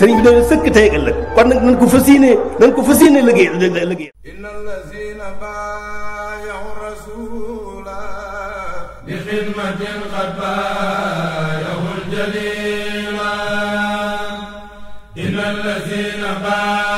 sëriñ bi dana sëkk tey ëllëg kon nag nañ ko fas yéene nañ ko fas yéene liggéey liggéey inna allazina baayahu rasula bi xidmatin qad baayahu aljalila inna allazina baayahu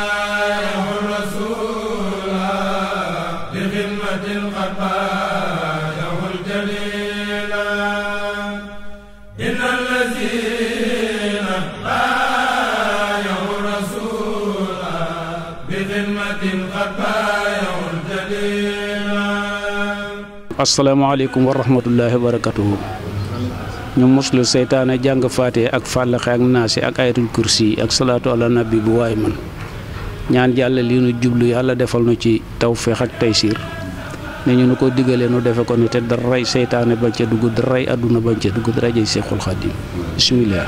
asalaamaaleykum wa rahmatullahi wa barakatuhu ñu muslu seytaane jàng faate ak fàllaxe ak naasi ak ayatul kursi ak salaatu ala nabi bu waay man ñaan yàlla li nu jublu yàlla defal nu ci tawféex ak taysiir ne ñu nu ko diggalee nu defe ko ni te daray seytaane bañ ca dugg daray àdduna bañ ca dugg daray jëy seexul xaddim bismillah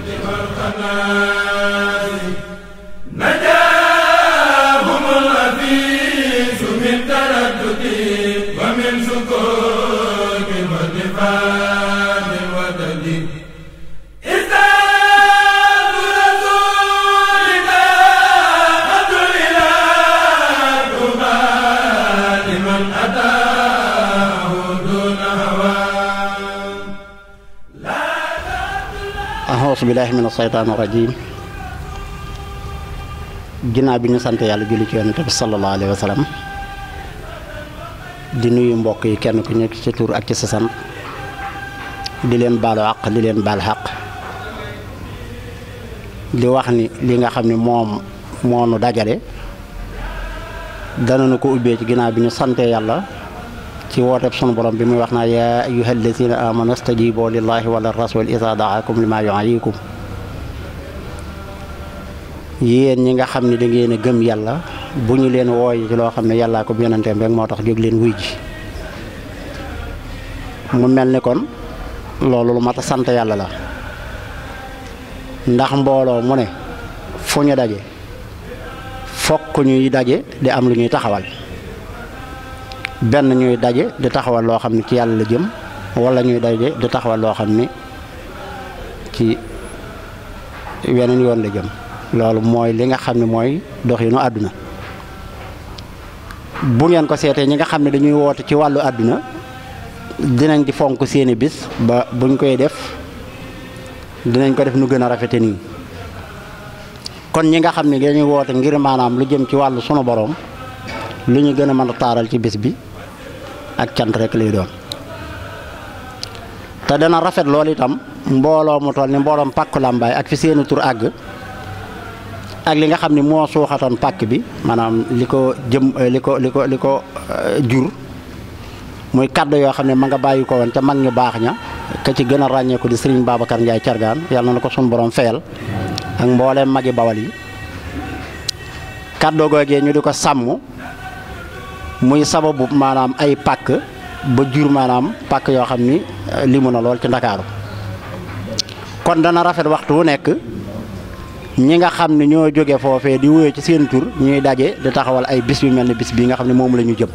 bismillaahi mina saytaani rajiim ginnaaw bi ñu sant yàlla julli ci yonent bi sallallahu di nuyu mbokk yi kenn ku nekk ci tur ak ci sasan sant di leen baalu àq di leen baal xaq di wax ni li nga xam ni moom moo nu dajale dana nu ko ubbee ci ginnaaw bi ñu sante yàlla ci wooteb sunu borom bi muy wax naa yaa ayuha alladina amanu stajibo lillahi wala rasul isa daakum lima yuhyikum yéen ñi nga xam ne da ngeen a gëm yàlla bu ñu leen wooy ci loo xam ne yàllaa ko yonanteem rek moo tax jóg leen wuy ji mu mel ni kon loolu lu mat a sant yàlla la ndax mbooloo mu ne fu ñu daje fokk ñuy daje di am lu ñuy taxawal benn ñuy daje di taxawal loo xam ne ci yàlla la jëm wala ñuy daje di taxawal loo xam ni ci weneen yoon la jëm loolu mooy li nga xam ne mooy doxinu àdduna bu ngeen ko seetee ñi nga xam ne dañuy woote ci wàllu àdduna dinañ di fonk seeni bis ba buñ koy def dinañ ko def nu gën a rafete nii kon ñi nga xam ne dañuy woote ngir maanaam lu jëm ci wàllu sunu boroom li ñu gën a mën a taaral ci bis bi ak cant rek lay doon te dana rafet loolu itam mbooloo mu toll ni mbooloom pàkku làmbaay ak fi seeni tur àgg ak li nga xam ni moo suuxatoon pàkk bi maanaam li ko jëm eh, li ko li li ko eh, jur muy kàddu yoo xam ne ma nga bàyyi ko woon mag ñu baax ña ka ci gën ràññeeku di Serigne Babacar Ndiaye Cargaan yàlla na ko sun borom feyal ak mbooleem magi bawal yi kàddu googee ñu di ko sàmm muy sababu maanaam ay pàkk ba jur maanaam pàkk yoo xam ni euh, limu na lool ci ndakaaru kon dana rafet waxtu wu nekk ñi nga xam ne ñoo jóge foofee di wuyoo ci seen tur ñuy daje di taxawal ay bis yu mel ni bis bii nga xam ne moom la ñu jëm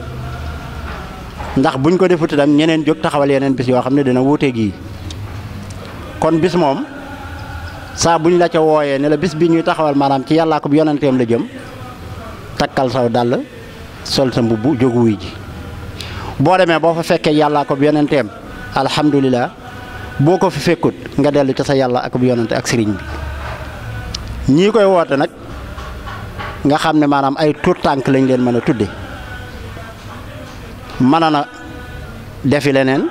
ndax buñ ko defut itam ñeneen jóg taxawal yeneen bis yoo xam ne dina wuute gii kon bis moom saa buñ la ca wooyee ne la bis bi ñuy taxawal maanaam ci yàllaa ko bu yonanteem la jëm takkal saw dàll sol sa mbubb jóg wuy ji boo demee boo fa fekkee yàllaa ko yonenteem alhamdulilah boo ko fi fekkut nga dellu ca sa yàlla ak bu yonente ak sëriñ bi ñii koy woote nag nga xam ne maanaam ay tuut tànk lañ leen mën a tudde mën na defi leneen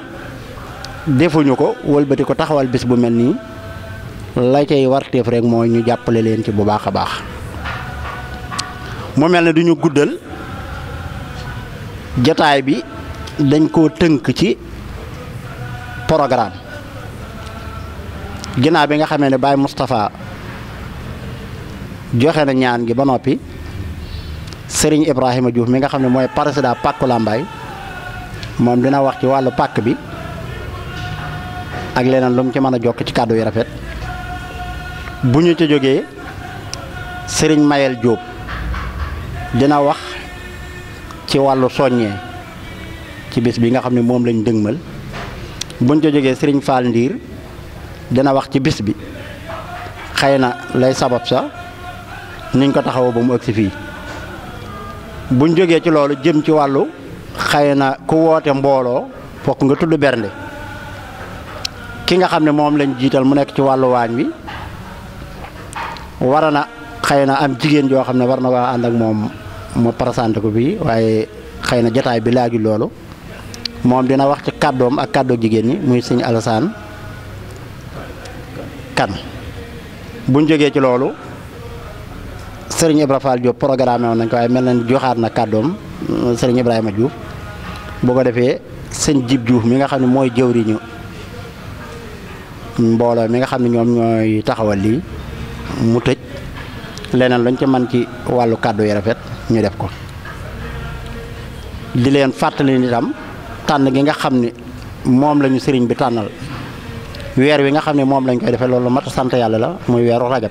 defuñu ko wëlbati ko taxawal bis bu mel nii la cay warteef rek mooy ñu jàppale leen ci bu baax a baax mu mel ne duñu guddal jataay bi dañ koo tënk ci programme ginnaaw bi nga xamee ne Baye Moustapha joxe na ñaan gi ba noppi Serigne Ibrahima Diouf mi nga xam ne mooy président pàkku Lambaye moom dina wax ci wàllu pàkk bi ak leneen lu ci mën a jokk ci kàddu yu rafet bu ñu ci jógee Serigne Mayel Diop dina wax. ci wàllu soññee ci bis bi nga xam ne moom lañ dëgmal buñ ko jógee sëriñ Fall Ndiir dina wax ci bis bi xëy na lay sabab sax niñ ko taxawoo ba mu ëgg si fii buñ jógee ci loolu jëm ci wàllu xëy na ku woote mbooloo fokk nga tudd bernde ki nga xam ne moom lañ jiital mu nekk ci wàllu waañ wi war na xëy na am jigéen joo xam ne war na waa ànd ak moom mu présenté ko fii waaye xëy na jataay bi laaju loolu moom dina wax ci kàddoom ak kàddoog jigéen ñi muy sëñ Alassane Kane buñ jógee ci loolu sëriñ Ibra Fall Diop programme woon nañ ko waaye mel na ni joxaat na kàddoom sëriñ Ibrahima Diouf boo ko defee sëñ Jib juuf mi nga xam ne mooy jëwriñu mbooloo mi nga xam ne ñoom ñooy taxawal lii mu tëj leneen luñ ci mën ci wàllu kàddu yi rafet ñu def ko di leen fàttali nitam tànn gi nga xam ni moom lañu sëriñ bi tànnal weer wi nga xam ne moom lañ koy defee loolu mat sant yàlla la muy weeru rajab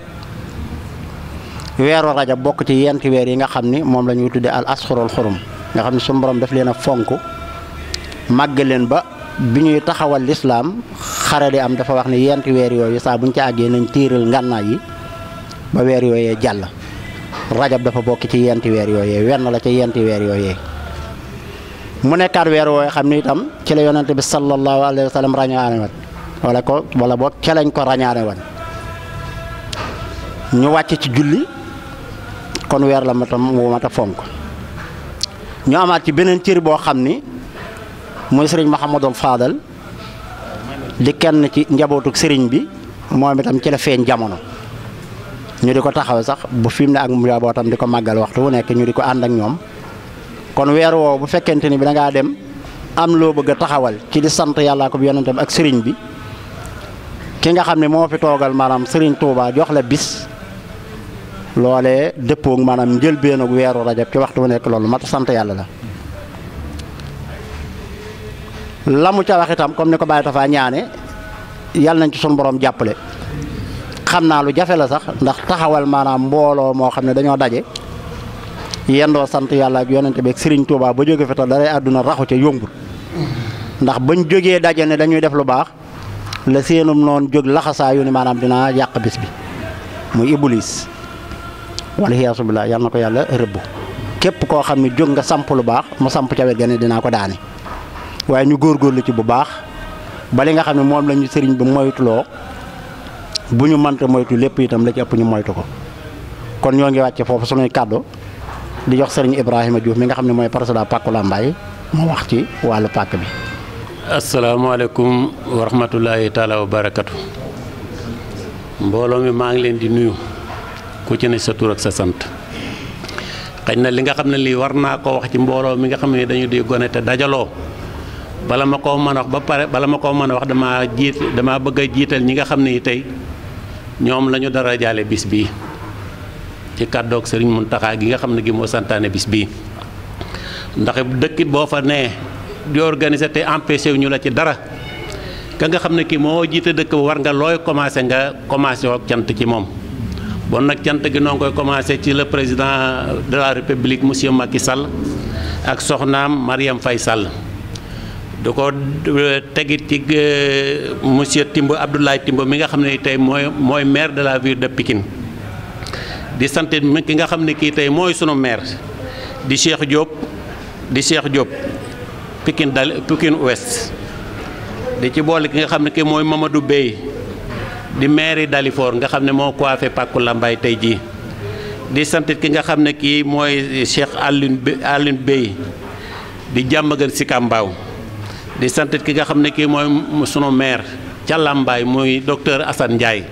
weeru rajab bokk ci yenti weer yi nga xam ni moom la ñuy tuddee al asxurul xorom nga xam ne su borom daf leen a fonk màgg leen ba bi ñuy taxawal lislaam xare di am dafa wax ne yenti weer yooyu saa buñ ci àggee nañ tiiral ngànnaay yi ba weer yooyee jàll rajab dafa bokk ci yenti weer yooyee wenn la ci yenti weer yooyee mu nekkaat weer wooyee xam ni itam ci la yonante bi sallallahu alayhi wa sallam rañaane woon wala ko wala boog ca lañ ko rañaane woon ñu wàcc ci julli kon weer la matam wu mat a fonk ñu amaat ci beneen cër boo xam ni muy sëriñ Mouhamadul Fadal di kenn ci njabootuk sëriñ bi moom itam ci la feeñ jamono ñu di ko taxaw sax bu fi mu ne ak njabootam di ko màggal waxtu wu nekk ñu di ko ànd ak ñoom kon weer woowu bu fekkente ni bi dangaa dem am loo bëgg a taxawal ci di sant yàllaa ko bi tam ak sëriñ bi ki nga xam ne moo fi toogal maanaam sëriñ Touba jox la bis loole dëppoog maanaam njëlbéen ak weeru rajab ci waxtu wu nekk loolu mat sant yàlla la. lamu ca wax itam comme ni ko Baye Tafa ñaane yàlla nañ ci sunu boroom jàppale. am naa lu jafe la sax ndax taxawal maanaam mbooloo moo xam ne dañoo daje doo sant yàlla ak yonente sëriñ ak ba jóge fi te daray àdduna raxu ca yombul ndax bañ jógee daje ne dañuy def lu baax la seenum noonu jóg laxasaayu ni maanaam dinaa yàq bis bi muy iblis wala xiyaasu billah yal na ko yàlla rëbb képp koo xam ne jóg nga samp lu baax mu samp ca ga ne dinaa ko daane waaye ñu góorgóorlu ci bu baax ba li nga xam ne moom lañu ñu sëriñ bi moytuloo bu ñu mënta moytu lépp itam la ci ëpp ñu moytu ko kon ñoo ngi wàcce foofu suñuy kàddu di jox sëriñ Ibrahima Diouf mi nga xam ne mooy président pàkku Lambaye mu wax ci wàllu pàkk bi. asalaamaaleykum wa rahmatulahi taala wa mbooloo mi maa ngi leen di nuyu ku ci ne sa tur ak sa sant xëy na li nga xam ne lii war naa ko wax ci mbooloo mi nga xam ne dañu di gone te dajaloo. bala ma koo mën a wax ba pare bala ma koo mën a wax damaa jiit bëgg a jiital ñi nga xam ne tey ñoom la ñu dara jaale bis bi ci kàddoog sëriñ taxaa gi nga xam ne gi moo santaane bis bii ndax dëkkit boo fa nee di organiser te empêché wu ñu la ci dara ka nga xam ne ki moo jiite dëkk ba war nga looy commencé nga commencé ak jant ci moom bon nag jant gi noo koy commencé ci le président de la république monsieur Macky Sall ak soxnaam Mariam fay Sall du ko tegit ci euh, monsieur Timbo Abdoulaye Timbo mi nga xam ne tey mooy mooy maire de la ville de Pikine di sant ki nga xam ne kii tey mooy sunu maire di Cheikh Diop di Cheikh Diop pikin dal Pikine Ouest di ci boole ki nga xam ne kii mooy Mamadou Bey di maire Dalifort nga xam ne moo coiffé Pàkku Lambaay tey jii di sant ki nga xam ne kii mooy Cheikh Alioune Alioune Bey di jàmmagal si Kambaaw di sant ki nga xam ne kii mooy sunu meer ca Lambaay muy docteur Assane Ndiaye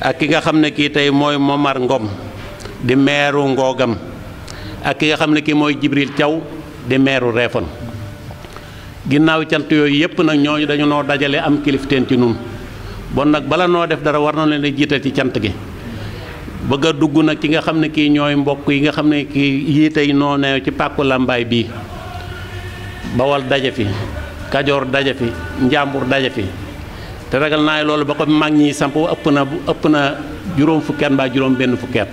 ak ki nga xam ne kii tey mooy Momar ngoom di meeru ngoogam ak ki nga xam ne kii mooy Jibril caw di meeru Réfon ginnaaw cant yooyu yëpp nag ñooñu dañu noo dajale am kilifteen ci nun bon nag bala noo def dara war na leen jiital ci cant gi bëgga dugg nag ci nga xam ne kii ñooy mbokk yi nga xam ne kii yii tey noo neew ci pàkku Lambaay bii bawal daje fi kajoor daje fi njàmbur daje fi te ragal naa loolu ba ko mag ñi samp ëpp na ëpp na juróom fukki at mbaa juróom benn fukki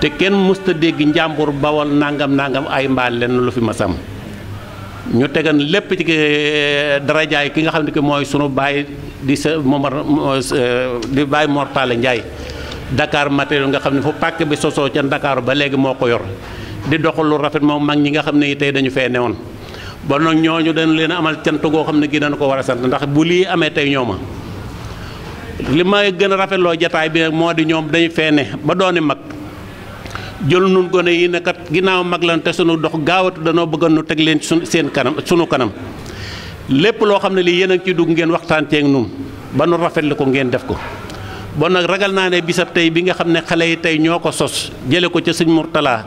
te kenn musta dégg njàmbur bawal nangam nangam ay mbaal lenn lu fi ma sam ñu tegan lépp ci eh, darajaay ki nga xam ne que mooy sunu baay di sa Momar eh, di baay Mor Talla Ndiaye Dakar matériel nga xam ne fu pàkk bi sosoo ca Dakar ba léegi moo ko yor di doxal lu rafet moom mag ñi nga xam ne tey dañu fee newoon ba nag ñooñu dañu leen amal cant goo xam ne gi dañu ko war a sant ndax bu lii amee tey ñooma li may gën a rafetloo jataay bi nag moo di ñoom dañu feene ba dooni mag jël nun gone yi ne kat ginnaaw mag lan te sunu dox gaawatu danoo bëggoon nu teg leen sun seen kanam suñu kanam lépp loo xam ne lii yéen a ngi ci dugg ngeen waxtaan ceeg nun ba nu rafetlu ko ngeen def ko bon nag ragal naa ne bisab tey bi nga xam ne xale yi tey ñoo ko sos jële ko ca sëñ Murtala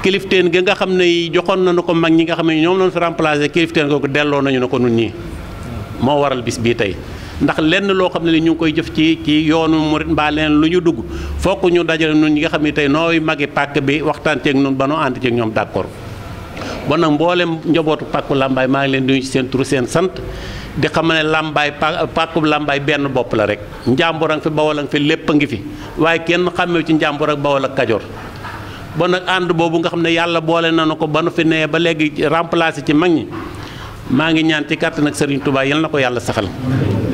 kilifteen ga nga xam ne joxoon na nañu ko mag ñi nga xam ne ñoom lañu fi remplacé kilifteen googu delloo nañu ne ko nun ñii moo waral bis bii tey ndax lenn loo xam ne li ñu ngi koy jëf ci ci yoonu murit mbaa leneen lu ñu dugg fokk ñu dajale nun ñi nga xam ne tey nooy magi pàkk bi waxtaan ceeg nun ba nu ànd ceeg ñoom d'accord bon nag mboolem njobootu pàkku làmbaay maa ngi leen di nuyu seen tur sant di xam ne làmbaay pàkku làmbaay benn bopp la rek njàmbur a ngi fi bawol fi lépp a ngi fi waaye kenn xàmmeew ci njàmbur ak ak kajoor bon nag ànd boobu nga xam ne yàlla boole nañu ko ba nu fi nee ba léegi remplace ci mag ñi maa ngi ñaan ci kàttan ak Serigne Touba yal na ko yàlla saxal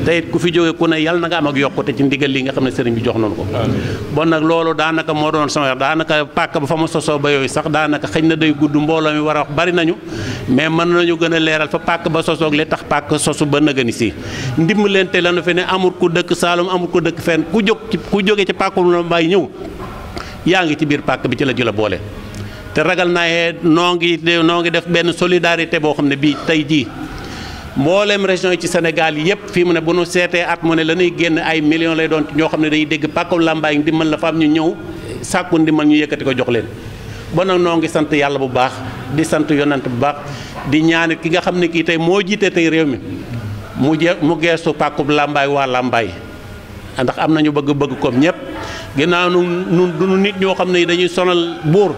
te ku fi jóge ku ne yal na nga am yokkute ci ndigal li nga xam ne Serigne bi jox nañu ko. bon nag loolu daanaka moo doon sama wax daanaka pàkk ba fa ma sosoo ba yooyu sax daanaka xëñ na day gudd mbooloo mi war a wax bari nañu mais mën nañu gën a leeral fa pàkk ba sosoog li tax pàkk sosu ba nëgëni si. ndimbalante lanu fi ne amul ku dëkk Saalum amul ku dëkk fenn ku jóg ci ku jóge ci pàkk lu ñëw. yaa ngi ci biir pàkk bi ci la ju la boole te ragal naa noo ngi noo ngi def benn solidarité boo xam ne bii tey jii mboolem région yi ci senegal yépp fii mu ne bu nu seetee at mu ne la nuy génn ay millions lay doon ñoo xam ne day dégg pàkku làmbaay ndimbal la fa am ñu ñëw sàkku ndimbal ñu yëkkati ko jox leen ba nag noo ngi sant yàlla bu baax di sant yonant bu baax di ñaanit ki nga xam ne kii tey moo jiite tey réew mi mu je mu geesu pàkkub làmbaay waa làmbaay ndax am nañu bëgg-bëgg comme ñëpp ginnaaw nun nu nit ñoo xam ne dañuy sonal buur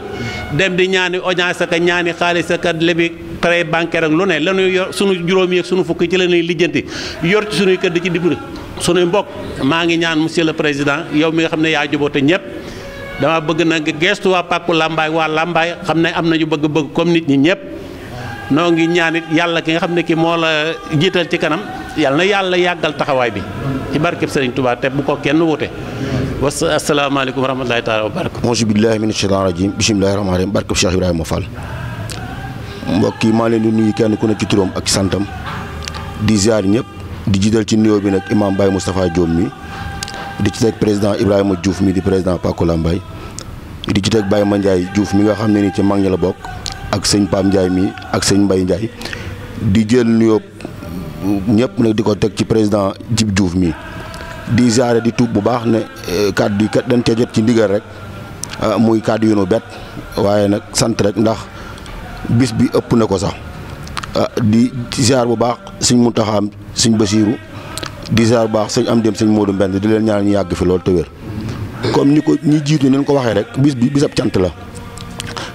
dem di ñaani audience ak ñaani xaalis ak lebi prêt bancaire ak lu ne lañuy yor sunu juróom yi ak sunu fukki ci la lijjanti yor ci sunuy kër di ci dibir sunuy mbokk maa ngi ñaan monsieur le président yow mi nga xam ne yaa juboote ñëpp dama bëgg nag gestu waa pàkku làmbaay waa làmbaay xam ne am na ñu bëgg-bëgg comme nit ñi ñëpp noo ngi ñaan yàlla ki nga xam ne ki moo la jiital ci kanam yàlla na yàlla yàggal taxawaay bi ci barkeb Sëriñ Tuubaa te bu ko kenn wuute was asalaamaaleykum wa rahmatulahi taala wa barakatu monsi billahi min shaitan rajim bisimilahi rahmani rahim barkeb Cheikh Ibrahima Fall mbokk yi maa leen di nuyu kenn ku ne ci turam ak santam di ziar ñëpp di jiital ci nuyoo bi nag imam Baye Moustapha Diom mi di ci teg président Ibrahima Diouf mi di président Pakola Mbaye di ci teg Baye Mandiaye Diouf mi nga xam ne ni ci mag la bokk ak sëñ Pam Ndiaye mi ak sëñ Mbaye Ndiaye di jël nuyoo ñëpp nag di ko teg ci président Djib Diouf mi di ziare di tuub bu baax ne eh, kàddu yi dañ cee jot ci ndigal rek ah, muy kàddu yu nu bett waaye nag sant rek ndax bis bi ëpp na ko sax ah, di ziar bu baax suñ mu Muntaxaam suñ Basiiru di ziar bu baax suñ am dem suñ Moodu Mbenn di leen ñaan ñu yàgg fi loolu te wér comme ni ko ñi jiitu nañ ko waxee rek bis bi bisab cant la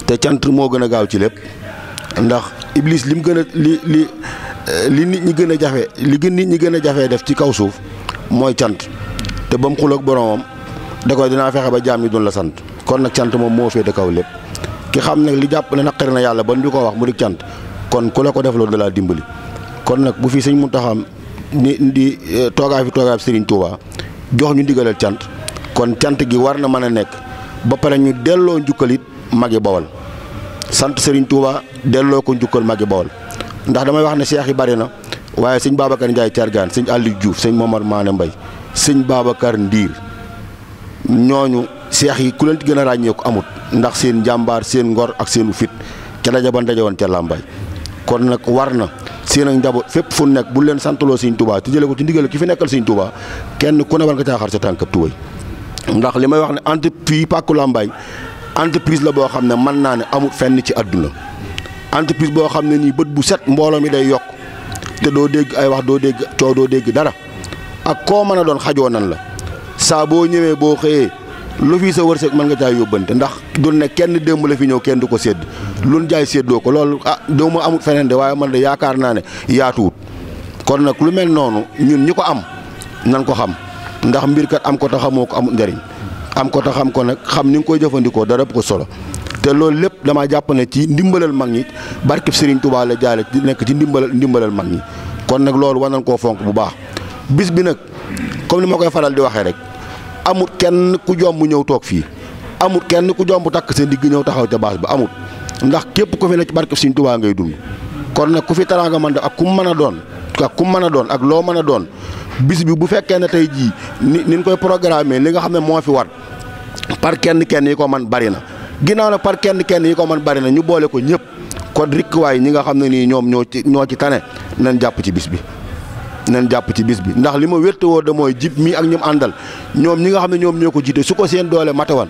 te cant moo gën a gaaw ci lépp ndax Iblis lim gën a li li Euh, li nit ñi gën a jafe li gën nit ñi gën a jafee def ci kaw suuf mooy cant te ba mu xuloo ak boromam da koy dinaa fexe ba jaam ñi doon la sant kon nag cant moom moo féete kaw lépp ki xam nag li jàpp na naqari na yàlla ban ñu ko wax mu di cant kon ku la ko def loolu dalaa dimbali kon nag bu fii sëñ Muntaxa ni di eh, toogaay fi toogaay fi Sëriñ Tuubaa jox ñu ndigalal cant kon cant gi war na mën a nekk ba pare ñu delloo njukkal it magi bawal sant Sëriñ Tuubaa delloo ko njukkal magi bawal ndax damay wax ne seex yi bari na waaye sëñ njaay Ndiaye Thiergane sëñ Aliou Diouf sëñ Momar Maane mbay sëñ Babacar Ndiir ñooñu seex yi ku leen gën a ràññeeku ko amut ndax seen njàmbaar seen ngor ak seenu fit ca daja ba daje woon ca làmbaay kon nag war na seen ak njaboot fépp fu nekk bu leen santaloo sëñ Touba te jëlee ko ci ndigal ki fi nekkal sëñ tubaa kenn ku ne war nga caaxaar sa tànkab tubay ndax li may wax ne entreprise pàkku làmbaay entreprise la boo xam ne mën naa ne amul fenn ci àdduna entreprise boo xam ne nii bët bu set mbooloo mi day yokk te doo dégg ay wax doo dégg coow doo dégg dara ak koo mën a doon xajoo nan la saa boo ñëwee boo xëyee lu fi sa wërsëg mën nga caa yóbbante ndax dul ne kenn démb la fi ñëw kenn du ko sédd lu jaay séddoo ko loolu ah doo ma amut feneen de waaye man de yaakaar naa ne yaatuwut kon nag lu mel noonu ñun ñi ko am nan ko xam ndax mbir kat am ko ta xamoo ko amut njariñ am ko ta xam ko nag xam ni nga koy jëfandikoo dara bu ko solo te loolu lépp damaa jàpp ne ci ndimbalal mag ñi barkeb Serigne Touba la jaale nekk ci ndimbalal ndimbalal mag ñi kon nag loolu war nañ koo fonk bu baax bis bi nag comme ni ma koy faral di waxee rek amut kenn ku jomb ñëw toog fii amut kenn ku jomb takk seen digg ñëw taxaw ca baas ba amut ndax képp ko fi ne ci barkeb Serigne Touba ngay dund kon nag ku fi taraanga man de ak ku mën a doon ak ku mën a doon ak loo mën a doon bis bi bu fekkee ne tey jii ni ni ñu koy programmer li nga xam ne moo fi war par kenn kenn ko man bari na ginnaaw nag par kenn kenn yi ko man bari na ñu boole ko ñëpp kon rikkwaay ñi nga xam ne nii ñoom ñoo ci ñoo ci tane nañ jàpp ci bis bi nañ jàpp ci bis bi ndax li ma wéttawoo da mooy jib mii ak ñum àndal ñoom ñi nga xam ne ñoom ñoo ko jiite su ko seen doole matawan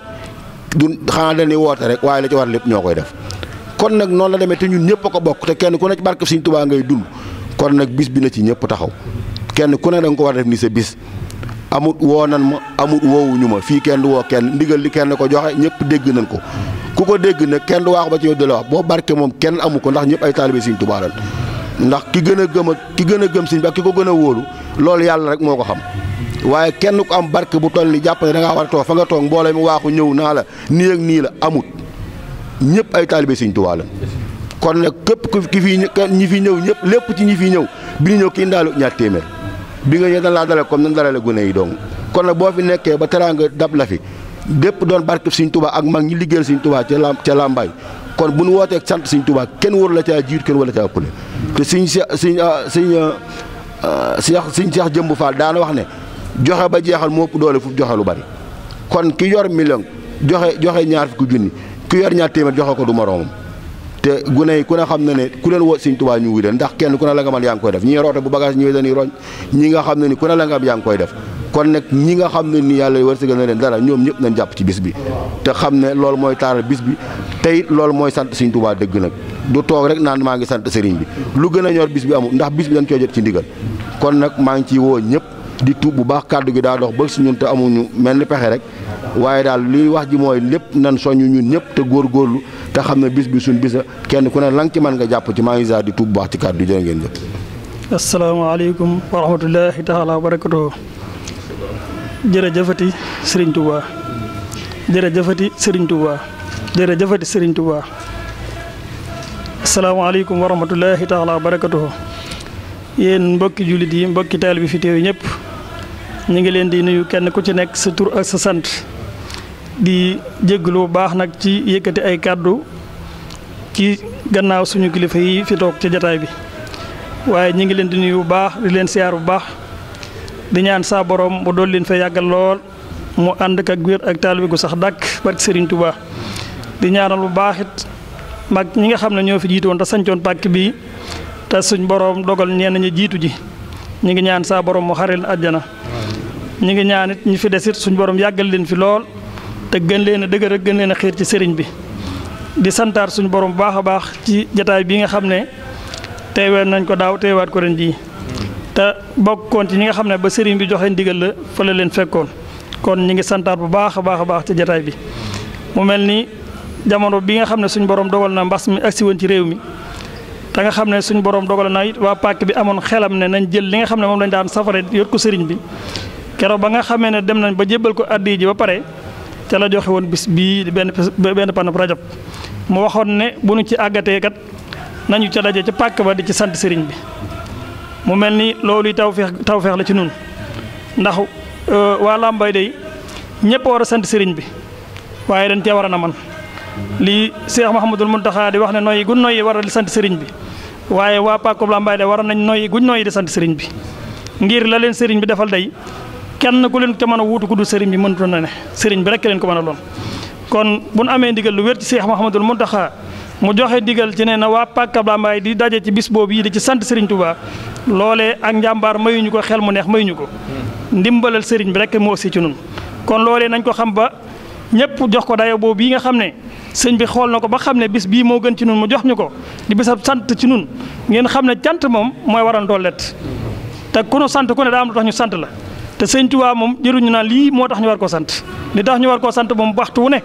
du xanaa dañuy woote rek waaye la ci war lépp ñoo koy def kon nag noonu la demee te ñëpp ko bokk te kenn ku ne ci barke Sëriñ Tuubaa ngay dund kon nag bis bi na ci ñëpp taxaw kenn ku ne da ko war a def ni sa bis amut woo nan ma amut woowuñu ma fii kenn du woo kenn ndigal li kenn ko joxe ñëpp dégg nañ ko ku ko dégg ne kenn du waaxu ba ci yow di la wax boo barke moom kenn amu ko ndax ñëpp ay taalibe Sëriñ Tuubaa ndax ki gën a gëm a ki gën a gëm Sëriñ ba ki ko gën a wóolu loolu yàlla rek moo ko xam waaye kenn ku am barke bu toll ni jàpp ne da ngaa war a toog fa nga toog mbooloo mi waaxu ñëw naa la nii ak nii la amut ñëpp ay taalibe Sëriñ Tuubaa lañ kon nag képp ki fi ñi fi ñëw ñëpp lépp ci ñi fi ñëw bi ñëw ki indaalu ñaar téeméer bi nga ñëw dañ laa dalal comme nan dalale gune yi dong kon nag boo fi nekkee ba teraanga dab la fi dépp doon barkeb Sëñ tubaa ak mag ñi liggéey Sëñ Tuubaa ca la ca Lambaay kon bu nu wootee sant Sëñ Tuubaa kenn waru la caa jiir kenn waru la caa ëppale te sëñ si sëñ sëñ sëñ sëñ Seex ah, ah, ah, Jëmb Faal daana wax ne joxe ba jeexal moo ëpp doole fu joxe lu bari kon ki yor million joxe joxe ñaar fukki junni ki yor ñaar téeméer joxe ko du moroomam te gune yi ku ne xam na ne ku leen woo Sëñ Tuubaa ñu wuy leen ndax kenn ku ne la nga man yaa def ñi roote bu bagage ñooy dañuy roñ ñi ne ni ne la nga am yaa koy def kon nag ñi nga xam ne ni yàlla wërsëgal na leen dara ñoom ñëpp jàpp ci bis bi te xam ne lool mooy taaral bis bi tey lool mooy sant Sëñ Tuubaa dëgg nag du toog rek naan maa ngi sant sëriñ bi lu gën a ñor bis bi amul ndax bis bi dañ coo jot ci ndigal kon nag maa ngi ciy woo ñëpp di tuub bu baax kàddu gi daa dox ba suñun te amuñu mel ni pexe rek waaye daal li wax ji mooy lépp nan soñu ñun ñëpp te góor góorgóorlu te xam ne bis bi suñ bisa kenn ku ne lan ci man nga jàpp ci maa ngi sax di tuub baax ci kàddu jërë ngeen jëf asalaamaaleykum wa rahmatullahi taala wa barakatuhu jërëjëfati sëriñ Touba jërëjëfati sëriñ Touba jërëjëfati sëriñ mbokki jullit yi mbokki taal bi fi teew ñëpp ñu ngi leen di nuyu kenn ku ci nekk sa tur ak sa sant di jégalu bu baax nag ci yëkkati ay kàddu ci gannaaw suñu kilifa yi fi toog ci jataay bi waaye ñu ngi leen di nuyu bu baax di leen siyaar bu baax di ñaan saa borom mu dool leen fa yàggal lool mu ànd ak wér ak taalibe gu sax dàkk barke Serigne Touba di ñaanal bu baaxit mag ñi nga xam ne ñoo fi jiitoon te sancoon pàkk bi te suñ boroom dogal ñenn ñi jiitu ji ñu ngi ñaan saa borom mu xaril àjjana ñu ngi ñaan it ñu fi des it suñ borom yàggal leen fi lool. te gën leen a dëgër ak gën leen a xiir ci sëriñ bi di santaar suñu borom bu baax a baax ci jataay bii nga xam ne teewee nañ ko daaw teewaat ko ren jii te bokkoon ci ñi nga xam ne ba sëriñ bi joxe ndigal la fa la leen fekkoon kon ñi ngi santaar bu baax a baax a baax ci jataay bi mu mel ni jamono bi nga xam ne suñu borom dogal na mbas mi agsi woon ci réew mi te nga xam ne suñu borom dogal na it waa pàkk bi amoon xelam ne nañ jël li nga xam ne moom lañ daan safare yot ko sëriñ bi keroog ba nga xamee ne dem nañ ba jébbal ko addi ji ba pare ca la joxe woon bis bii benn benn panub rajab mu waxoon ne bu nu ci àggatee kat nañu ca daje ca pàkk ba di ci sant sëriñ bi mu mel ni loolu yi tawfeex tawfeex la ci nun ndax euh, waa Lambaye day ñëpp war a sant sëriñ bi waaye dañ cee war a na man lii Cheikh Mouhamadul taxaa di wax ne noyyi gun noyyi war a di sant sëriñ bi waaye waa pàkkub Lambaye day war nañ noyyi guñ noyyi di sant sëriñ bi ngir la leen sëriñ bi defal day kenn ku leen ca mën a wuutu ku dul sëriñ bi mën mëntu na ne sëriñ bi rek leen ko mën a loon kon bu nu amee ndigal lu wér ci Seex Muhammadul Muntaxa mu joxe digal ci ne na waa Pàcc Kaaba Mbaay di daje ci bis boobu yi di ci sant sëriñ Touba loolee ak njàmbaar mayuñu ko xel mu neex mayuñu ko ndimbalal sëriñ bi rek moo si ci nun kon loolee nañ ko xam ba ñëpp jox ko day boobu yi nga xam ne sëñ bi xool na ko ba xam ne bis bii moo gën ci nun mu jox ñu ko di bisab sant ci nun ngeen xam ne cant moom mooy waral ndollet te ku nu sant ku ne daa am lu ñu sant la te sëñ Tuubaa moom jëruñu naan lii moo tax ñu war koo sant li tax ñu war koo sant moom waxtu wu ne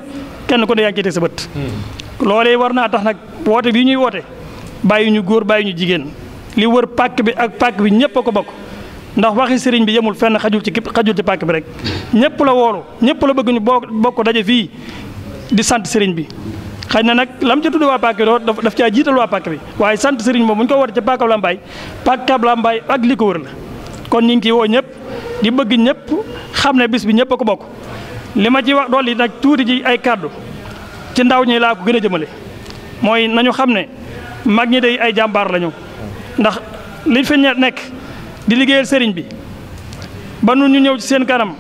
kenn ku ne yaa sa bët. Hmm. loolee war naa tax nag woote bi ñuy woote bàyyi ñu góor bàyyi ñu jigéen li wër pàkk bi ak pàkk bi ñëpp a ko bokk. ndax waxi sëriñ bi yemul fenn xajul ci xajul ci pàkk bi rek ñëpp la woolu ñëpp la bëgg ñu bokk daje fii di sant sëriñ bi xëy na nag lam ca tudd waa pàkk bi doo daf caa jiital waa pàkk bi waaye sant sëriñ moom bu ñu ko wootee ci pàkkab Lambaay pàkkab Lambaay ak li ko wër la kon ñu ngi woo ñëpp di bëgg ñëpp xam ne bis bi ñëpp a ko bokk li ma ci wax dolli nag tuuti ji ay kàddu ci ndaw ñi laa ko gën a jëmale mooy nañu xam ne mag ñi dey ay jàmbaar lañu ndax liñ fi nekk di liggéeyal sëriñ bi ba nu ñu ñëw ci seen kanam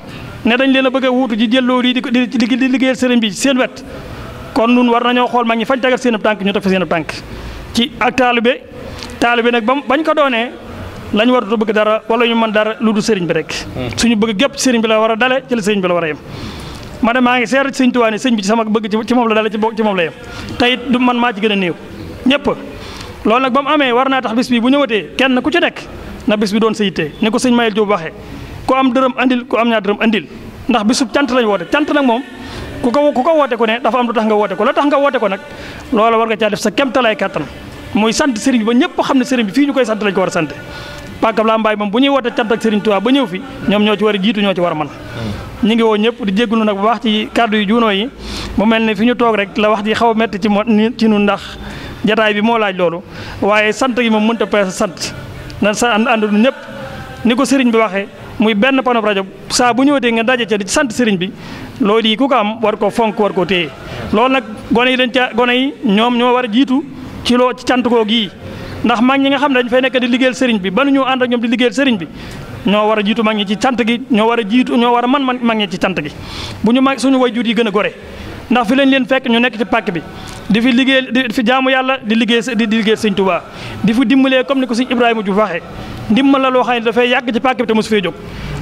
ne dañ leen a bëgg a wuutu ji jëlloo yi di di liggéeyal sëriñ bi seen wet kon nun war nañoo xool mag ñi fañ tagat seen tànk ñu def seen ab tànk ci ak taalibe taalibe nag ba bañ ko doonee lañ waratu bëgg dara wala ñu man dara lu du sëriñ bi rek hmm. suñu bëgg gépp sëriñ bi la war a dale ci la sëriñ bi la war a yem ma maa ngi seer sëñ Tuubaa ni sëñ bi ci sama bëgg ci moom la dale ci moom la yem te it du man maa ci gën a néew ñëpp loolu nag ba mu amee war naa tax bis bi bu ñëwatee kenn ku ci nekk na bis bi doon sa ko sëñ Mayel Diop waxee am dërëm andil ku am ñaar dërëm andil ndax bisub cant lañ woote cant nag moom ku ko ku ko woote ko ne dafa am nga woote ko la tax nga woote ko nag loola war nga caa def sa kéemtalaay kattan muy sant sëriñ bi ba ñëpp xam ne sëriñ bi fii ñu koy sant lañ ko war a sant pàkkab Lambaay moom bu ñuy woote cant ak Serigne Touba ba ñëw fi ñoom ñoo war a jiitu ñoo ci woo ñëpp di jégalu nag bu baax ci kàddu yu juunoo yi mu mel ne fi ñu toog rek la wax ji xaw a métti ci mo ci ñun ndax jataay bi moo laaj loolu waaye sant gi moom mënut a peese sant na sa ànd ñëpp ni ko Serigne bi waxee muy benn panneau rajo saa bu ñëwatee nga daje ca di sant Serigne bi loolu yi ku ko am war ko fonk war ko téye loolu nag gone yi dañ ca gone yi ñoom ñoo war a jiitu ci loo ci cant koo gii ndax mag ñi nga xam ne dañ fay nekk di liggéeyal sëriñ bi ba nu ñu ànd ak ñoom di liggéeyal sëriñ bi ñoo war a jiitu mag ñi ci cant gi ñoo war a jiitu ñoo war a man mag ñi ci cant gi bu ñu mag suñu wayjur yi gën a gore ndax fi lañ leen fekk ñu nekk ci pàkk bi di fi liggéey di fi jaamu yàlla di liggéey di liggéey sëñ Tuubaa di fi dimbalee comme ni ko si Ibrahima ju waxee ndimbal la loo xam ne dafay yàgg ci pàkk bi te mosu fee jóg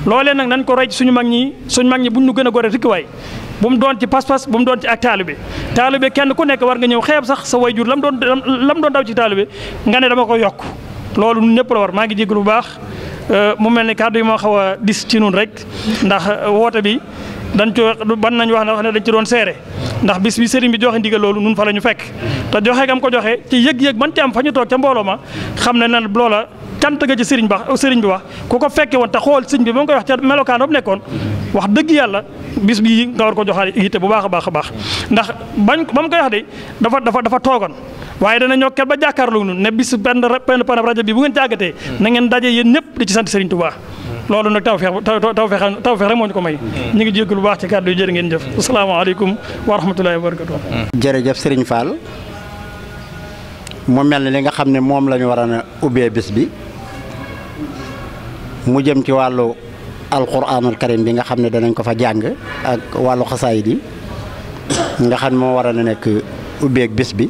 loolee nag nañ ko roy suñu mag ñi suñu mag ñi buñ ñu gën a gore rikkiwaay bu mu doon ci pas-pas bu mu doon ci ak taalibe taalibe kenn ku nekk war nga ñëw xeeb sax sa wayjur lam doon lam doon daw ci taalibe nga ne dama ko yokk loolu ñëpp la war maa ngi jégalu lu baax euh, mu mel ni kàddu yi moo xaw a dis ci nun rek ndax euh, woote bi. dañ ci ban nañ wax ne wax ne dañ ci doon seere ndax bis bi sëriñ bi joxe ndigal loolu nun fa la ñu fekk te joxe gam ko joxe ci yëg-yëg ban ci am fa ñu toog ca mbooloo ma xam ne na loola cant ga ci sëriñ ba sëriñ bi wax ku ko fekke woon te xool sëriñ bi ba nga koy wax ca melokaan ba mu nekkoon wax dëgg yàlla bis bii nga war ko joxaat yitte bu baax a baax a baax ndax bañ ba mu koy wax de dafa dafa dafa toogoon waaye dana ñokkeel ba jàkkaarloo ñun ne bis benn benn panab rajo bi bu ngeen jàggatee mm. na ngeen daje yéen ñëpp di ci sant Serigne Touba mm. loolu nag tawfeex tawfeex tawfeex rek moo ñu ko may mm. ñu ngi jéggul bu baax ci kàddu yi jërë ngeen jëf asalaamaaleykum wa rahmatulahi wa barakatu jërëjëf Serigne Fall mu mel ni li nga xam ne moom lañu ñu war a ubbee bis bi mu jëm ci wàllu alquranul karim bi nga xam ne danañ ko fa jàng ak wàllu xasaayid yi nga xam ne moo war a nekk ubbeeg bis bi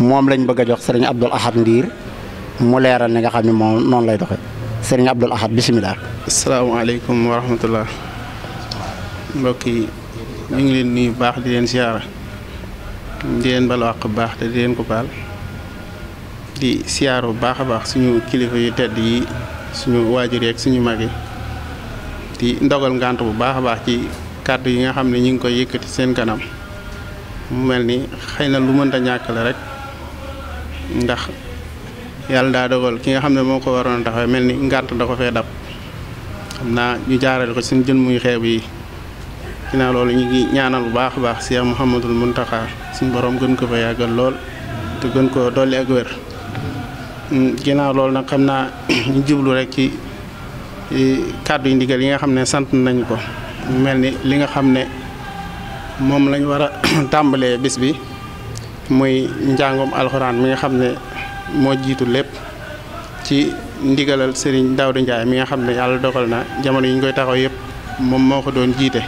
moom lañ bëgg a jox sëriñ Abdoul Ahad Ndiir mu leeral ni nga xam ne moom noonu lay doxee sëriñ Abdoul Ahad bisimilah. asalaamaaleykum wa rahmatullah mbokk yi ñu ngi leen nuyu baax di leen siyaara di leen balu baax te di leen ko baal di siyaar bu baax a baax suñu kilifa yu tedd yi suñu waajur yeeg suñu mag yi di ndogal ngànt bu baax a baax ci kàddu yi nga xam ne ñu ngi koy yëkkati seen kanam mu mel ni xëy na lu mënta ñàkk la rek. ndax yàlla daa dogal ki nga xam ne moo ko waroon a taxawee mel ni ngànt da ko fee dab xam naa ñu jaarale ko suñ jën muy xeeb yi ginnaaw loolu ñu ngi ñaanal bu baax a baax Cheikh mun taxaar suñ boroom gën ko fa yàggal lool te gën ko dolli ak wér mm, ginnaaw loolu nag xam naa ñu jublu rek ci kàddu yi ndigal yi nga xam ne sant nañ ko mel ni li nga xam ne moom lañ war tàmbalee bis bi muy njàngum alxuraan mi nga xam ne moo jiitu lépp ci ndigalal Serigne Daouda Ndiaye mi nga xam ne yàlla dogal na jamono yi ñu koy taxaw yëpp moom moo ko doon jiite.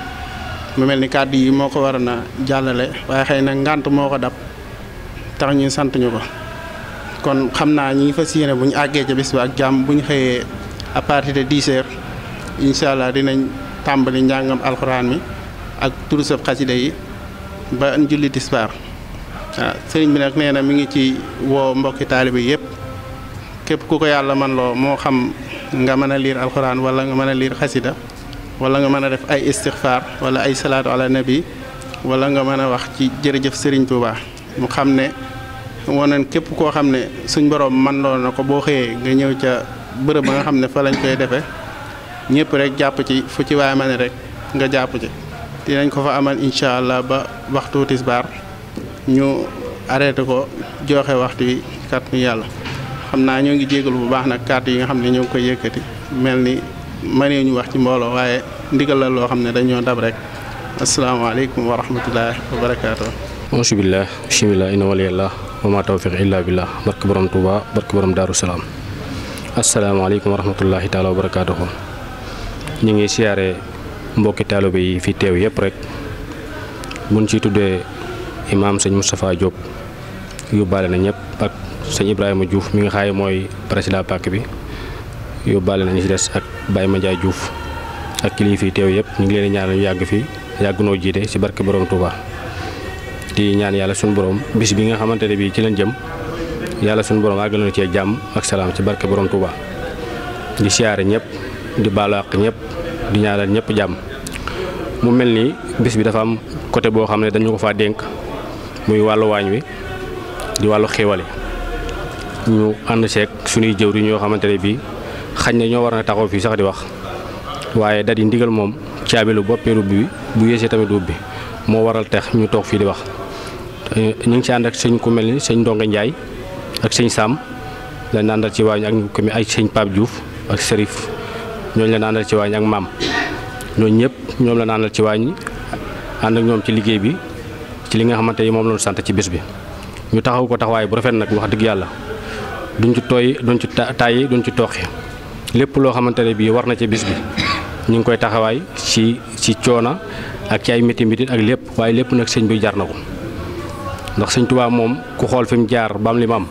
mu mel ni kàddu yi moo ko war na jàllale waaye xëy na ngànt moo ko dab tax ñu sant ñu ko kon xam naa ñu ngi fas yéene bu ñu àggee ca bis ba ak jàmm bu ñu xëyee à partir de 10 heures incha allah dinañ tàmbali njàngam alxuraan mi ak turusab xasida yi ba njulli tisbaar ah sëriñ bi nag nee na mi ngi ci woo mbokki taalibe yëpp képp ku ko yàlla man loo moo xam nga mën a liir alxuraan walla nga mën a liir xasida wala nga mën a def ay istixfaar wala ay salaatu ala nabi wala nga mën a wax ci jërëjëf sëriñ Tuubaa mu xam ne wonen képp koo xam ne suñ borom man loo na ko boo xëyee nga ñëw ca bërëb ba nga xam ne fa lañ koy defee ñëpp rek jàpp ci fu ci waay ma ne rek nga jàpp ci dinañ ko fa amal incha allah ba waxtu tisbaar ñu arrêté ko joxe waxtu yi kàttu yàlla xam naa ñoo ngi jégalu bu baax nag kàddu yi nga xam ne ñoo ngi koy yëkkati mel ni mënee ñu wax ci mbooloo waaye ndigal la loo xam ne dañoo dab rek asalaamaaleykum wa rahmatulah wa barakaatu. auzu billah bismillah inna waliyallah wa ma tawfiq illa billah barke borom Touba barke borom Daaru Salaam asalaamaaleykum wa rahmatullahi taala wa barakaatuhu ñu ngi siyaare mbokki taalibe yi fi teew yëpp rek buñ ci tuddee. imaam sëñ mustafaa Diop yóbbaale na ñëpp ak sëñ Ibrahima Diouf mi ngi xaaye mooy président pàkk bi yóbbaale ñu si des ak Baye Mandiaye Diouf ak kilifa yi teew yëpp ñu ngi leen ñaanal yàgg fi yàgg noo jiite si barke borom Touba di ñaan yàlla suñu borom bis bi nga xamante ne bii ci lañ jëm yàlla suñu borom àggal na ci jàmm ak salaam ci barke borom Touba di siyaare ñëpp di baalu àq ñëpp di ñaanal ñëpp jàmm mu mel ni bis bi dafa am côté boo xam ne dañu ko faa dénk. muy wàllu waañ wi di wàllu xéewal ñu ànd seek suñuy jëwriñ yoo xamante ne bii xañ na ñoo war na taxaw fii sax di wax waaye da di ndigal moom caabi lu boppeelu bi bu yéesee tamit ubbi moo waral tax ñu toog fii di wax. ñu ngi ci ànd ak sëñ ku mel ni sëñ Ndonga njaay ak sëñ Sam lañ àndal ci waañ ak ñu ko ay sëñ Pape Diouf ak Serif ñooñu la àndal ci waañ ak maam ñooñu ñëpp ñoom la àndal ci waañ ànd ak ñoom ci liggéey bi. ci li nga xamante yi moom la sant ci bis bi ñu taxaw ko taxawaay bu rafet nag wax dëgg yàlla duñ ci tooy duñ ci tàyyi duñ ci tooxi lépp loo xamante ne bii war na ci bis bi ñu ngi koy taxawaay ci ci coona ak ci ay métti métti ak lépp waaye lépp nag sëñ bi jar na ko ndax sëñ Tuubaa moom ku xool fi mu jaar ba am li mu am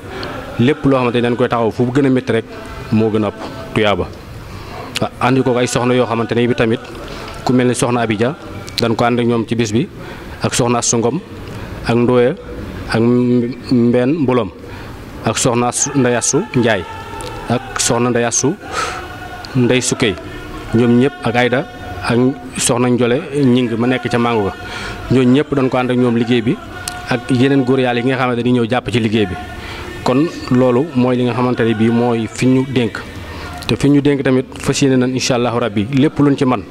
lépp loo xamante ni dañ koy taxaw fu mu gën a metti rek moo gën a ëpp tuyaaba. andi ko ay soxna yoo xamante ne bi tamit ku mel ni soxna Abidja dañ ko ànd ñoom ci bis bi. ak soxna sungom ak ndoya ak mbenn mbolom ak soxna ndayasu njaay ak soxna ndayasu ndey sukkey ñoom ñëpp ak ayda ak soxna njole ñing ma nekk ca màngu ga ñooñu ñëpp doon ko ànd ak ñoom liggéey bi ak yeneen góor yàlla yi nga xamante ni ñëw jàpp ci liggéey bi kon loolu mooy li nga xamante ne bii mooy fi ñu dénk te fi ñu dénk tamit fas yéene na incha allahu rabbi lépp luñ ci man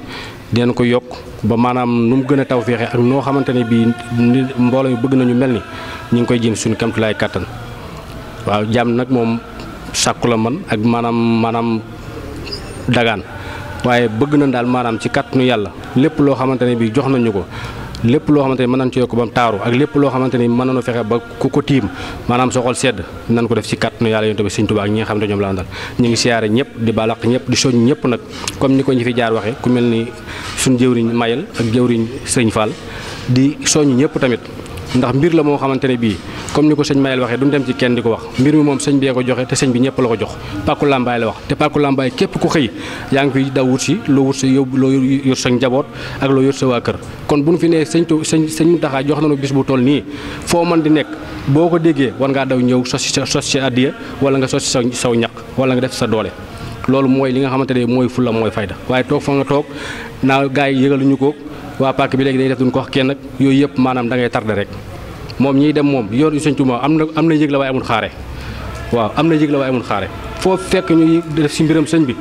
dinañ ko yokk ba maanaam nu mu gën a taw féexe ak noo xamante ne bii mbooloo mi bëgg nañu mel ni ñu ngi koy jéem suñu kamtulaay kàttan waaw jàmm nag moom sàkku la man ak maanaam maanaam dagaan waaye bëgg na daal maanaam ci kàttanu yàlla lépp loo xamante ne bii jox nañu ko lépp loo xamante ni mën nañ ci yokk ba mu taaru ak lépp loo xamante ni mën nañu fexe ba ku ko tiim maanaam soxol sedd nan ko def ci kàttanu yàlla yonent bi Sëriñ Tuubaa ak ñi nga xam ñoom la àndal ñu ngi siyaare ñëpp di balaq ñëpp di soñ ñëpp nag comme ni ko ñi fi jaar waxe ku mel ni suñ jëwriñ mayel ak jëwriñ Sëriñ Fall di soñ ñëpp tamit ndax mbir la moo xamante ne bii comme ni ko señ Mayel waxe du dem ci kenn di ko wax mbir mi moom sëñ bee ko joxe te sëñ bi ñëpp la ko jox pàkku la wax te pàkku làmbaay képp ku xëy yaa ngi fi daw wut si loo wut si yóbbu loo yor sa njaboot ak loo yor sa waa kon bu ñu fi nee sëñ sëñ sëñ taxaa jox nañu bis bu toll nii foo mën di nekk boo ko déggee war ngaa daw ñëw sos sa sos si addiya wala nga sos si sa saw ñaq wala nga def sa doole loolu mooy li nga xamante ne mooy fulla mooy fayda waaye toog fa nga toog naa gaa yi yëgaluñu ko waa pàkk bi léegi dañuy def duñ ko wax kenn ak yooyu yëpp maanaam da tardé rek moom ñii dem moom yoon yu sëñ am na am na yëg la waaye amul xaare waaw am na yëg la waaye amul xaare foofu fekk ñuy def si mbiram sëñ bi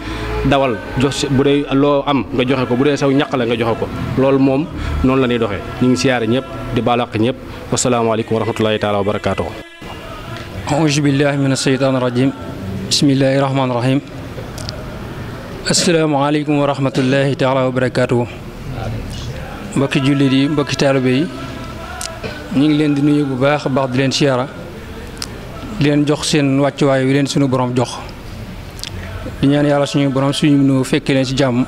dawal jox bu dee loo am nga joxe ko bu dee saw ñaq la nga joxe ko loolu moom noonu la ñuy doxee ñu ngi siyaare ñëpp di baalaq ñëpp wasalaamaaleykum wa rahmatulahi taala wa barakaatu. auzu billahi min asheytaan rajim bismillahi rahmaan rahim asalaamaaleykum wa rahmatulahi wa barakaatu mbokki jullit yi mbokki taalibe yi ñu ngi leen di nuyu bu baax a baax di leen siyaara di leen jox seen wàccuwaay wi leen suñu borom jox di ñaan yàlla suñu borom suñu nu fekkee leen ci jàmm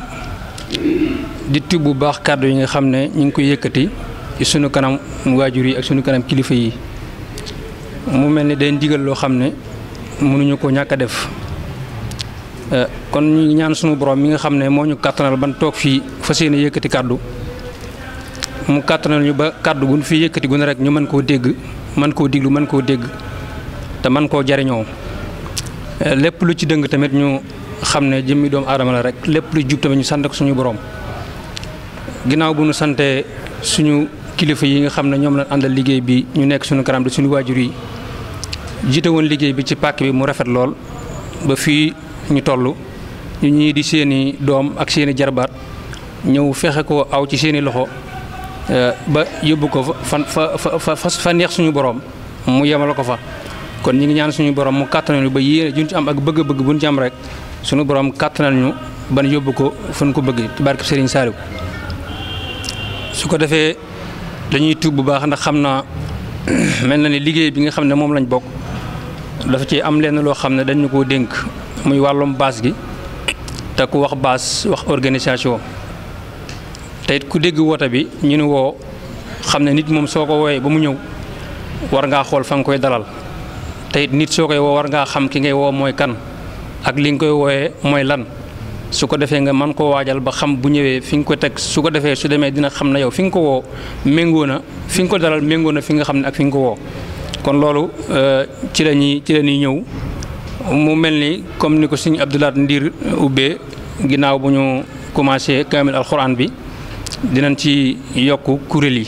di tub bu baax kàddu yi nga xam ne ñu ngi koy yëkkati suñu kanam waajur yi ak suñu kanam kilifa yi mu mel ni day ndigal loo xam ne mënuñu ko ñàkk a def eh, kon ñu ñaan sunu borom mi nga xam ne moo ñu kàttanal ban toog fii fas yéene yëkkati kàddu mu kàttanal ñu ba kàddu gun fi yëkkati gun rek ñu mën koo dégg mën koo diglu mën koo dégg te man koo jariñoo eh, lépp lu ci dëng tamit ñu xam ne jëmmi doom aadama la rek lépp lu jub tamit ñu sant ko suñu borom ginnaaw bu ñu sante suñu kilifa yi nga xam ne ñoom lañ àndal liggéey bi ñu nekk suñu kanam di suñu waajur yi jiite woon liggéey bi ci pàkk bi mu rafet lool ba fii ñu toll ñu ñii di seeni doom ak seeni jarbaat ñëw fexe ko aw ci seeni loxo ba yóbbu ko fa fa fa fa neex suñu borom mu yemal ko fa kon ñu ngi ñaan suñu borom mu kàttanal ñu ba yéene juñ ci am ak bëgg-bëgg buñ ci am rek suñu borom kàttanal ñu ban yóbbu ko fan ko bëgg ci barke Serigne Saliou su ko defee dañuy tuub bu baax ndax xam naa mel na ni liggéey bi nga xam ne moom lañ bokk dafa ci am lenn loo xam ne dañu ko dénk muy wàllum baas gi te ko wax baas wax organisation te ku dégg woote bi ñu ni woo xam ne nit moom soo ko wooyee ba mu ñëw war ngaa xool fa nga koy dalal tey it nit soo koy woo war ngaa xam ki ngay woo mooy kan ak li nga koy wooyee mooy lan su ko defee nga mën koo waajal ba xam bu ñëwee fi nga ko teg su ko defee su demee dina xam ne yow fi nga ko woo méngoo na fi nga ko dalal méngoo na fi nga xam ne ak fi nga ko woo kon loolu euh, ci la ñuy ci la ñuy ñëw mu mel ni comme ni ko sëñ Abdoulaat Ndiir ubbee ginnaaw bu ñu commencé kaamil bi dinañ ci yokk kuréel yi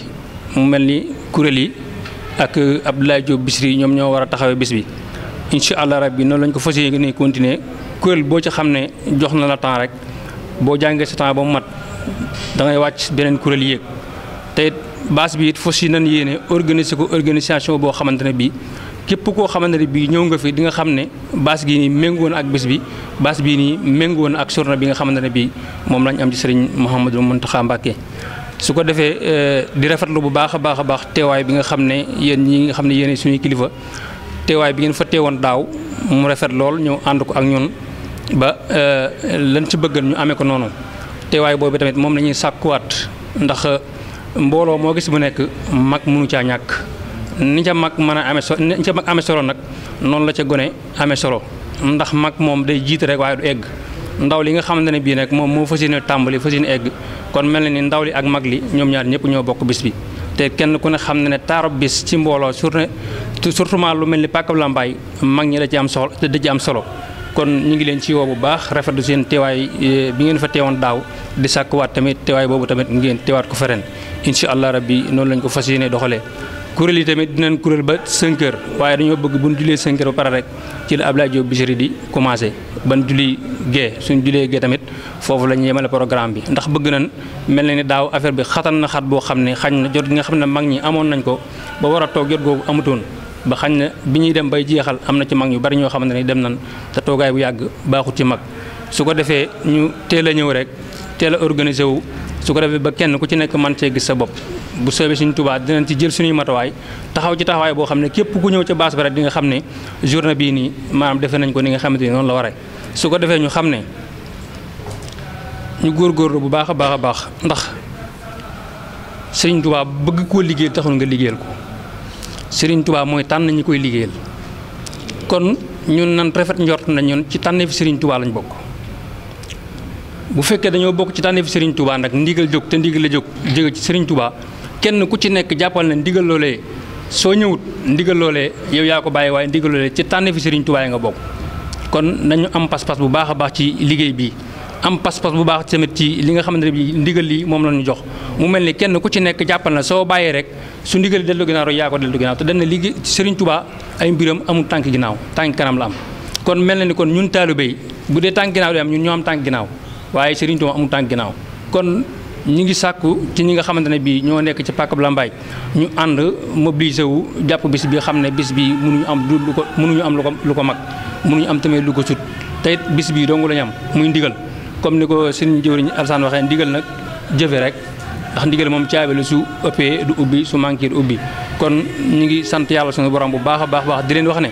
mu mel ni kuréel yi ak Abdoulaye Diop Bichri ñoom ñoo war a taxawee bis bi incha allah bi noonu lañ ko fas yéene continuer kuréel boo ci xam ne jox na la temps rek boo jàngee sa temps ba mu mat da ngay wàcc beneen kuréel yéeg te base bi it fas yi nañ yéene organiser ko organisation boo xamante ne bii képp koo xamante ne bii ñëw nga fi di nga xam ne baas gii nii méngoon ak bés bi baas bii nii méngoon ak journée bi nga xamante ne bii moom lañ am ci sëriñ Mouhamadou Mountakha Mbacké su ko defee euh, di rafet lu bu baax a baax a baax teewaay bi nga xam ne yéen ñi nga xam ne yéen suñuy kilifa teewaay bi ngeen fa teewoon daaw mu rafet lool ñëw ànd ko ak ñun ba euh, lan ci bëggal ñu amee ko noonu teewaay boobu tamit moom la ñuy waat ndax euh, mbooloo moo gis mu nekk mag mënu caa ñàkk. ni ca mag mën a amee so ni ca mag amee solo nag noonu la ca gone amee solo ndax mag moom day jiite rek waaye du egg ndaw li nga xamante ne bii nag moom moo fas yéene tàmbali fa yéene egg kon mel na ni ndaw li ak mag li ñoom ñaar ñëpp ñoo bokk bis bi. te kenn ku ne xam na ne taarab bis ci mbooloo surtout ma lu mel ni la mbaay mag ñi da ci am solo da ci am solo kon ñu ngi leen ci wow bu baax rafetlu seen teewaay eh, bi ngeen fa teewoon daaw di sàkkuwaat tamit teewaay boobu tamit ngeen teewaat ko fa ren incha allah rabbi noonu lañ ko fas yéene doxalee. kuréel yi tamit dinañ kuréel ba 5 waaye dañoo bëgg bu ñu jullee 5 heures ba pare rek ci la Abdoulaye Diop Bichri di commencé ban julli gee suñ julee gee tamit foofu la ñu yemale programme bi ndax bëgg nañ mel na ni daaw affaire bi xatan na xat boo xam ne xañ na jot gi nga xam ne mag ñi amoon nañ ko ba war a toog jot googu amutoon ba xañ na bi ñuy dem bay jeexal am na ci mag ñu bari ñoo xamante ne dem nañ te toogaay bu yàgg baaxut ci mag su ko defee ñu teel a ñëw rek teel a organisé wu su ko defee ba kenn ku ci nekk man cee gis sa bopp bu soobee suñu Tuubaa dinañ ci jël suñuy matuwaay taxaw ci taxawaay boo xam ne képp ku ñëw ca baas ba rek di nga xam ne journée bii nii maanaam defe nañ ko ni nga xamante ni noonu la waree su ko defee ñu xam ne ñu góor góorgóorlu bu baax a baax a baax ndax Sëriñ Tuubaa bëgg koo liggéeyal taxul nga liggéeyal ko Sëriñ Tuubaa mooy tànn ñi koy liggéeyal kon ñun nan rafet njort na ñun ci tànneefu Sëriñ Tuubaa lañ bokk. bu fekkee dañoo bokk ci tànneefu Serigne Touba nag ndigal jóg te ndigal la jóg jóge ci Serigne tubaa kenn ku ci nekk jàppal ne ndigal loolee soo ñëwut ndigal loolee yow yaa ko bàyyi waaye ndigal loolee ci tànneefu Serigne Touba yi nga bokk kon nañu am pas-pas bu baax a baax ci liggéey bi am pas-pas bu baax tamit ci li nga xamante ne bii ndigal li moom la ñu jox mu mel ni kenn ku ci nekk jàppal na soo bàyyee rek su ndigal li dellu ginnaaw rek yaa ko dellu ginnaaw te dañ liggéey Serigne mbiram amul tànk ginnaaw tànk kanam la am kon mel na ni kon ñun taalibe yi bu dee tànk ginnaaw day am ñun ñoo am tànk ginnaaw waaye Serigne Touba amul tànk ginnaaw kon ñi ngi sàkku ci ñi nga xamante ne bii ñoo nekk ci pàkkab Lambaay ñu ànd mobilisé wu jàpp bis bi xam ne bis bi ñu am lu ko mënuñu am lu ko lu ko mag ñu am tamit lu ko sut tey bis bii dong la ñu am muy ndigal comme ni ko sëriñ jëwriñ Alsaan waxee ndigal nag jëfe rek ndax ndigal moom caabi lu su ëppee du ubbi su manqué ubbi kon ñu ngi sant yàlla suñu borom bu baax a baax baax di leen wax ne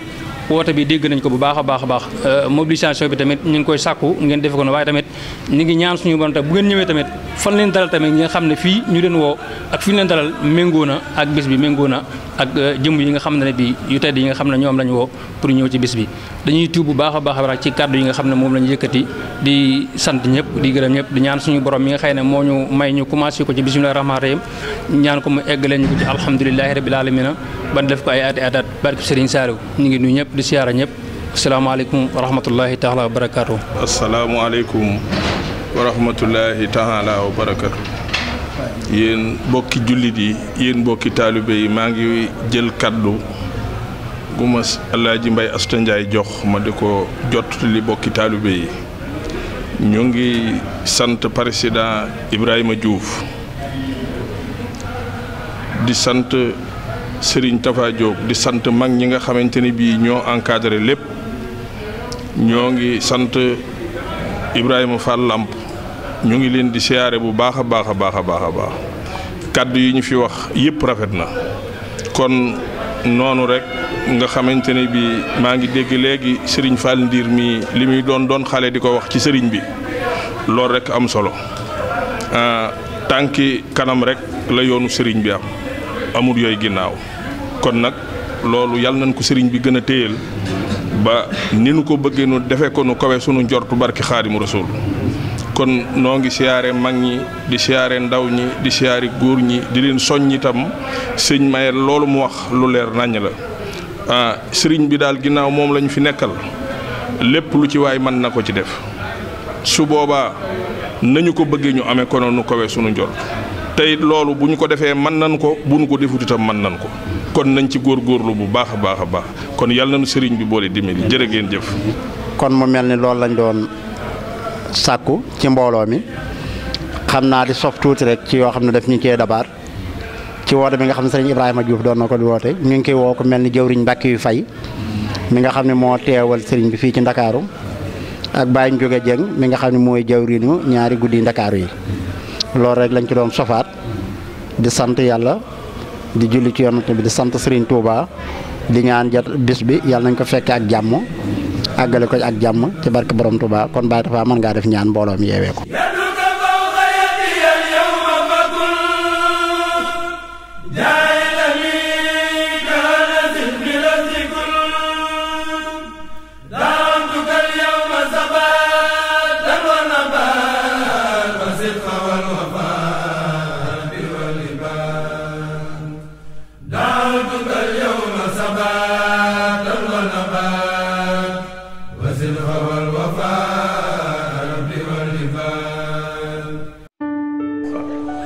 woote bi dégg nañ ko bu baax a baax a baax euh, mobilisation bi tamit ñu ngi koy sàkku ngeen defe ko ne waaye tamit ñu ngi ñaan suñu borom tamit bu ñëwee tamit fan leen dalal tamit nga xam ne fii ñu leen woo ak fi leen dalal méngoo na ak bis bi méngoo na ak euh, jëmm yi nga xam ne bi yu tedd yi nga xam ne ñoom lañ woo pour ñëw ci bis bi dañuy tiw bu baax a baax a baax ci kàddu yi nga xam ne moom lañ yëkkati di sant ñëpp di gërëm ñëpp di ñaan suñu borom mi nga xëy ne moo ñu may ñu commencé ko ci bismillahi rahmani rahim ñaan ko mu eggalee ñu ko ci alhamdulilahi rabil def ko ay ati atat barke Serigne ñu ngi nuyu ñëpp ñëpp siyaara ñëpp asalaamaaleykum wa rahmatullahi taala wa barakaatu. asalaamaaleykum yéen bokki jullit yi yéen bokki taalibe yi maa ngi jël kàddu gu ma Alaaji Mbay Asta Njaay jox ma di ko jot li bokki taalibe yi ñu ngi sant président Ibrahima Diouf di sant. Serigne Tafa Diop di sant mag ñi nga xamante ni bii ñoo encadré lépp ñoo ngi sant Ibrahima Fall làmp ñu ngi leen di siyaare bu baax a baax a baax a baax a baax kàddu yi ñu fi wax yépp rafet na kon noonu rek nga xamante ne bi maa ngi dégg léegi Serigne Fall Ndiir mi li muy doon doon xale di ko wax ci Serigne bi loolu rek am solo ah, tànki kanam rek la yoonu Serigne bi am amul yooyu ginnaaw kon nag loolu yàlla nañ ko sëriñ bi gën a téyel ba ni nu ko bëggee nu defe ko nu kawe sunu njortu barki xaadimu rasul kon noo ngi siyaare mag ñi di siyaare ndaw ñi di siyaari góor ñi di leen soññ itam sëñ Mayel loolu mu wax lu leer naññ la ah sëriñ bi daal ginnaaw moom lañu fi nekkal lépp lu ci waay mën na ko ci def su boobaa nañu ko bëggee ñu amee konoon nu kawe sunu njort tey loolu bu ñu ko defee man nañ ko bu ñu ko defut itam mën nañ ko kon nañ ci góorgóorlu bu baax a baax a baax kon yàlla nañu sëriñ bi boole dimbali jërë ngeen jëf. kon mu mel ni loolu lañ doon sàkku ci mbooloo mi xam naa di sof tuuti rek ci yoo xam ne daf ñu cee dabaar ci woote bi nga xam ne sëriñ Ibrahima Diouf doon na ko woote ñu ngi koy woo ko mel ni jëwriñ mbàkk yu fay mi nga xam ne moo teewal sëriñ bi fii ci ndakaaru ak Baye jóge Dieng mi nga xam ne mooy jëwriñu ñaari guddi ndakaaru yi. loolu rek lañ ci doon sofaat di sant yàlla di julli ci yonent bi di sant Serigne Touba di ñaan jot bis bi yàlla nañ ko fekkee ak jàmm àggale ko ak jàmm ci barke borom Touba kon Baye Tapha mën ngaa def ñaan mbooloo mi yeewee ko.